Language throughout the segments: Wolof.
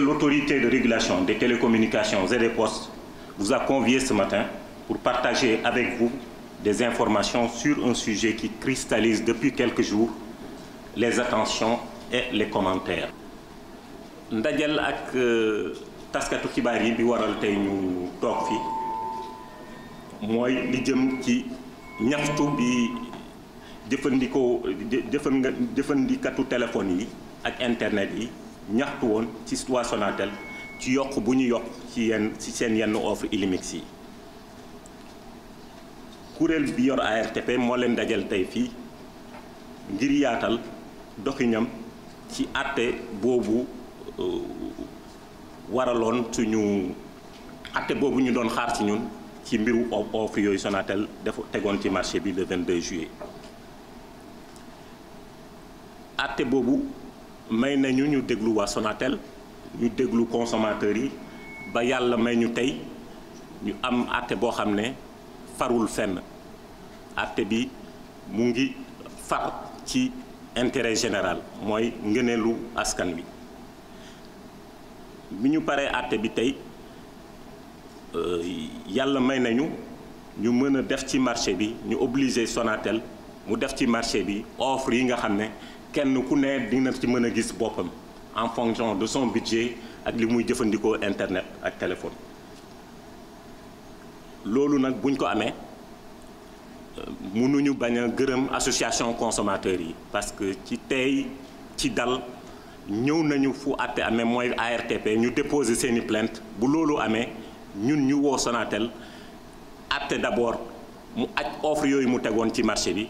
Messieurs, l'autorité de régulation des télécommunications et des postes vous a convié ce matin pour partager avec vous des informations sur un sujet qui cristallise depuis quelques jours les attentions et les commentaires. ndajal ak euh, taskatu xibaar yi bi waral tey ñu toog fii mooy li jëm ci ñaxtu bi jëfandikoo jëfandikatu téléphone yi ak internet yi ñaxtu woon ci waa Sonatel ci yokk bu ñu yokk ci ci seen yenn offre Illimix yi kuréel bi yor ARTP moo leen dajal tey fii ngir yaatal doxiñam ci àtte boobu euh, waraloon suñu àtte boobu ñu doon xaar ci ñun ci mbiru offre yooyu Sonatel dafa tegoon ci marché bi le 22 juillet àtte boobu. may nañu ñu déglu Sonatel ñu déglu consommateurs yi ba yàlla may ñu tey ñu am àtte boo xam ne farul fenn àtte bi mu ngi far ci intérêt général mooy ngëneelu askan wi bi ñu paree àtte bi tey euh, yàlla may nañu ñu mën a def ci marché bi ñu obligé Sonatel mu def ci marché bi offre yi nga xam ne kenn ku ne dina ci mën a gis boppam en fonction de son budget ak li muy jëfandikoo internet ak téléphone loolu nag buñ ko amee mënuñu bañ a gërëm association consommateurs yi parce que ci tey ci dal ñëw nañu fu àtte amee mooy ARTP ñu déposer seeni plainte bu loolu amee ñun ñu woo Sonatel àtte d'abord mu aj offre yooyu mu tegoon ci marché bi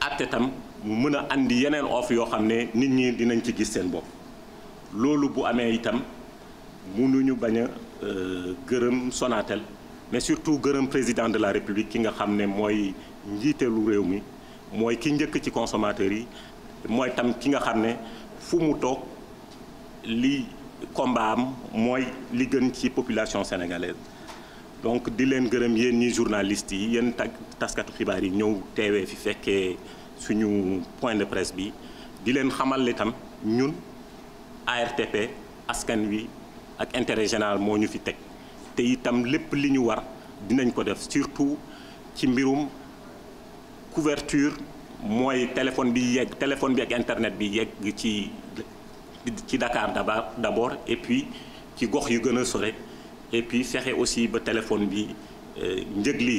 àtte tam mu mën a indi yeneen offre yoo xam ne nit ñi dinañ ci gis seen bopp loolu bu amee itam mënuñu bañ a euh, gërëm Sonatel mais surtout gërëm président de la république ki nga xam ne mooy njiiteelu réew mi mooy ki njëkk ci consommateurs yi mooy tam ki nga xam ne fu mu toog li combat mooy li gën ci population sénégalaise donc di leen gërëm yéen ñi journalistes yi yéen taskatu xibaar yi ñëw teewee fi fekkee suñu point de presse bi di leen xamal li tam ñun ARTP askan wi ak intérêt général moo ñu fi teg te itam lépp li ñu war dinañ ko def surtout ci mbirum couverture mooy téléphone bi yegg téléphone bi ak internet bi yegg ci ci Dakar d'abord d'abord et puis ci gox yu gën a sore et puis fexe aussi ba téléphone bi euh, njëg li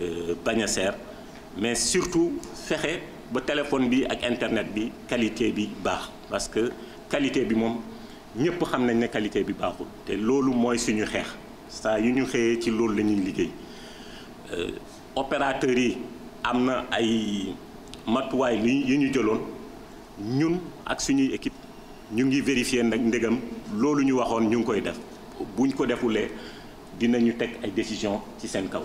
euh, bañ a seer mais surtout fexe ba téléphone bi ak internet bi qualité bi baax parce que qualité bi moom ñëpp xam nañ ne qualité bi baaxul te loolu mooy suñu xeex saa yu ñu xëyee ci loolu lañuy ñuy liggéey euh, opérateurs yi am na ay matuwaay yu ñu jëloon ñun ak suñuy équipe ñu ngi vérifier nag ndegam loolu ñu waxoon ñu ngi koy def buñ ko defulee dinañu teg ay décision ci seen kaw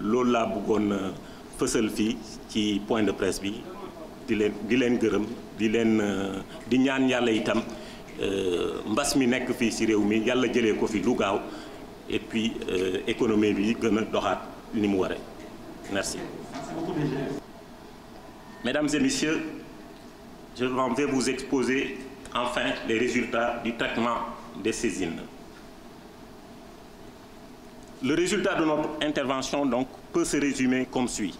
loolu laa bëggoon. Euh, fësal fii ci point de presse bi di leen di leen gërëm di leen di ñaan yàlla itam euh, mbas mi nekk fii ci réew mi yàlla jëlee ko fi lu gaaw et puis euh, économie bi gën a doxaat ni mu ware merci. Mesdames et messieurs, je vais vous exposer enfin les résultat du traitement des saisines. Le résultat de notre intervention donc peut se résumer comme suit.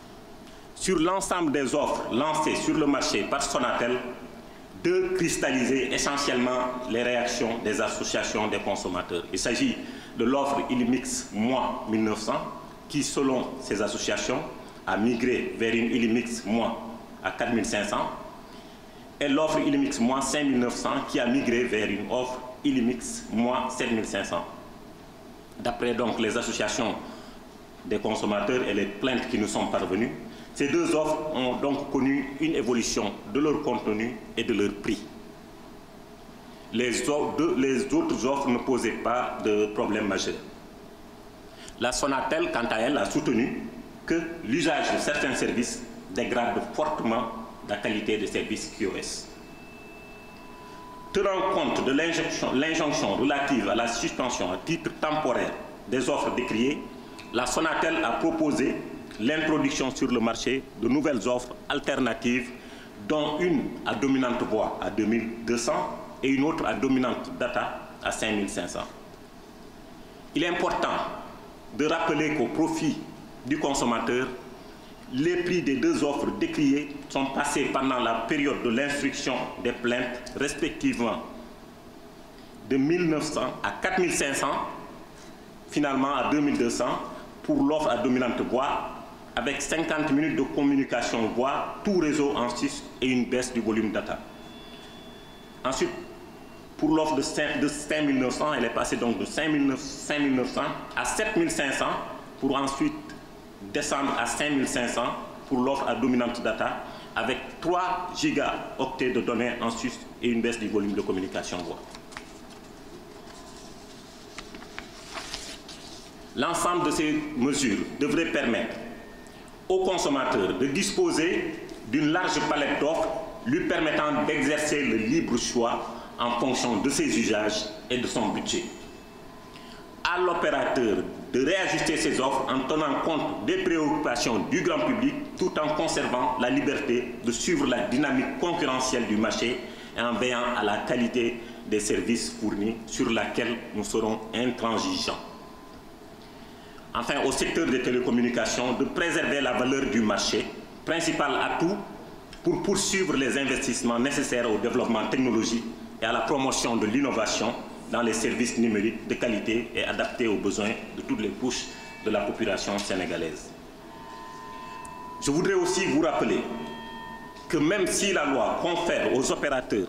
sur l'ensemble des offres lancées sur le marché par Sonatel de cristalliser essentiellement les réactions des associations des consommateurs. Il s'agit de l'offre Illimix Moi 1900 qui, selon ces associations, a migré vers une Illimix Moi à 4500 et l'offre Illimix Moi 5900 qui a migré vers une offre Illimix Moi 7500. D'après donc les associations des consommateurs et les plaintes qui nous sont parvenues, Ces deux offres ont donc connu une évolution de leur contenu et de leur prix. Les, autres offres ne posaient pas de problème majeur. La Sonatel, quant à elle, a soutenu que l'usage de certains services dégrade fortement la qualité de services QoS. Tenant compte de l'injonction relative à la suspension à titre temporaire des offres décriées, la Sonatel a proposé l'introduction sur le marché de nouvelles offres alternatives, dont une à dominante voix à 2200 et une autre à dominante data à 5500. Il est important de rappeler qu'au profit du consommateur, les prix des deux offres décriées sont passés pendant la période de l'instruction des plaintes, respectivement de 1900 à 4500, finalement à 2200 pour l'offre à dominante bois avec 50 minutes de communication voix, tout réseau en 6 et une baisse du volume data. Ensuite, pour l'offre de 5, de 5900, elle est passée donc de 5900 à 7500 pour ensuite descendre à 5500 pour l'offre à dominante data avec 3 gigaoctets de données en sus et une baisse du volume de communication voix. L'ensemble de ces mesures devrait permettre au consommateur de disposer d'une large palette d'offres lui permettant d'exercer le libre choix en fonction de ses usages et de son budget. À l'opérateur de réajuster ses offres en tenant compte des préoccupations du grand public tout en conservant la liberté de suivre la dynamique concurrentielle du marché et en veillant à la qualité des services fournis sur laquelle nous serons intransigeants. enfin au secteur des télécommunications, de préserver la valeur du marché, principal atout pour poursuivre les investissements nécessaires au développement technologique et à la promotion de l'innovation dans les services numériques de qualité et adaptés aux besoins de toutes les couches de la population sénégalaise. Je voudrais aussi vous rappeler que même si la loi confère aux opérateurs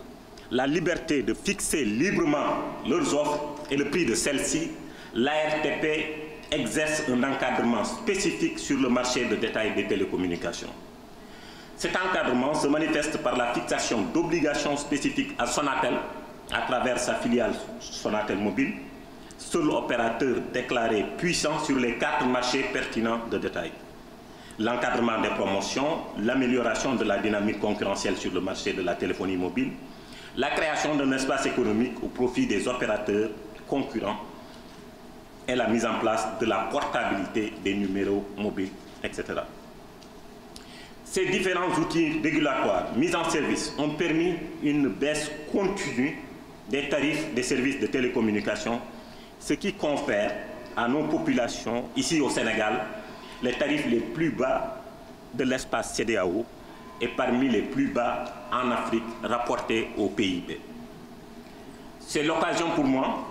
la liberté de fixer librement leurs offres et le prix de celles-ci, exerce un encadrement spécifique sur le marché de détail des télécommunications. Cet encadrement se manifeste par la fixation d'obligations spécifiques à Sonatel à travers sa filiale Sonatel Mobile, seul opérateur déclaré puissant sur les quatre marchés pertinents de détail. L'encadrement des promotions, l'amélioration de la dynamique concurrentielle sur le marché de la téléphonie mobile, la création d'un espace économique au profit des opérateurs concurrents et la mise en place de la portabilité des numéros mobiles, etc. Ces différents outils régulatoires mis en service ont permis une baisse continue des tarifs des services de télécommunication, ce qui confère à nos populations, ici au Sénégal, les tarifs les plus bas de l'espace CDAO et parmi les plus bas en Afrique rapportés au PIB. C'est l'occasion pour moi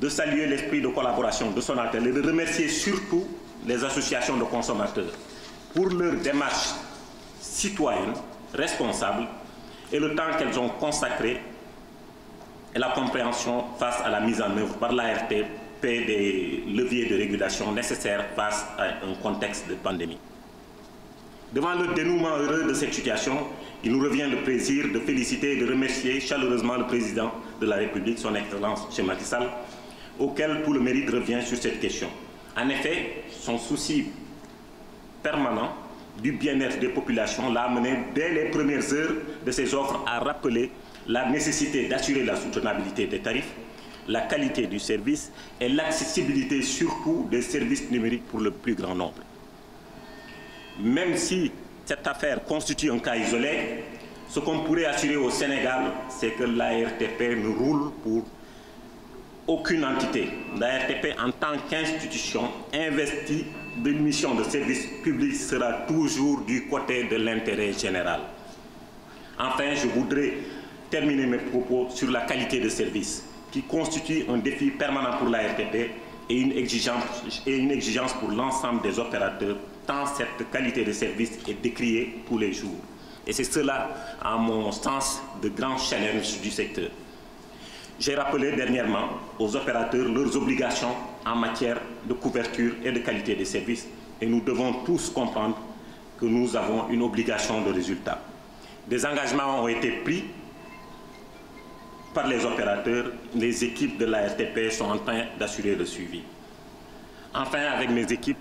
de saluer l'esprit de collaboration de Sonatel et de remercier surtout les associations de consommateurs pour leur démarche citoyenne, responsable et le temps qu'elles ont consacré la compréhension face à la mise en œuvre par l'ARTP des leviers de régulation nécessaires face à un contexte de pandémie. Devant le dénouement heureux de cette situation, il nous revient le plaisir de féliciter et de remercier chaleureusement le Président de la République, son Excellence, chez Macky auquel tout le mérite revient sur cette question. En effet, son souci permanent du bien-être des populations l'a amené dès les premières heures de ses offres à rappeler la nécessité d'assurer la soutenabilité des tarifs, la qualité du service et l'accessibilité surtout des services numériques pour le plus grand nombre. Même si cette affaire constitue un cas isolé, ce qu'on pourrait assurer au Sénégal, c'est que l'ARTP nous roule pour aucune entité, l'ARTP en tant qu'institution investie d'une mission de service public sera toujours du côté de l'intérêt général. Enfin, je voudrais terminer mes propos sur la qualité de service, qui constitue un défi permanent pour l'ARTP et une exigence, et une exigence pour l'ensemble des opérateurs, tant cette qualité de service est décriée tous les jours. Et c'est cela, à mon sens, de grands challenges du secteur. j'ai rappelé dernièrement aux opérateurs leurs obligations en matière de couverture et de qualité des services et nous devons tous comprendre que nous avons une obligation de résultat. Des engagements ont été pris par les opérateurs, les équipes de la RTP sont en train d'assurer le suivi. Enfin, avec mes équipes,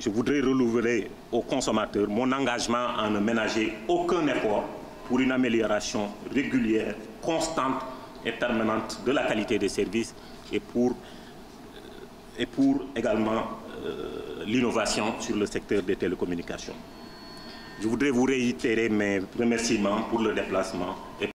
je voudrais renouveler aux consommateurs mon engagement à ne ménager aucun effort pour une amélioration régulière, constante et permanente de la qualité des services et pour, euh, et pour également euh, l'innovation sur le secteur des télécommunications. Je voudrais vous réitérer mes remerciements pour le déplacement et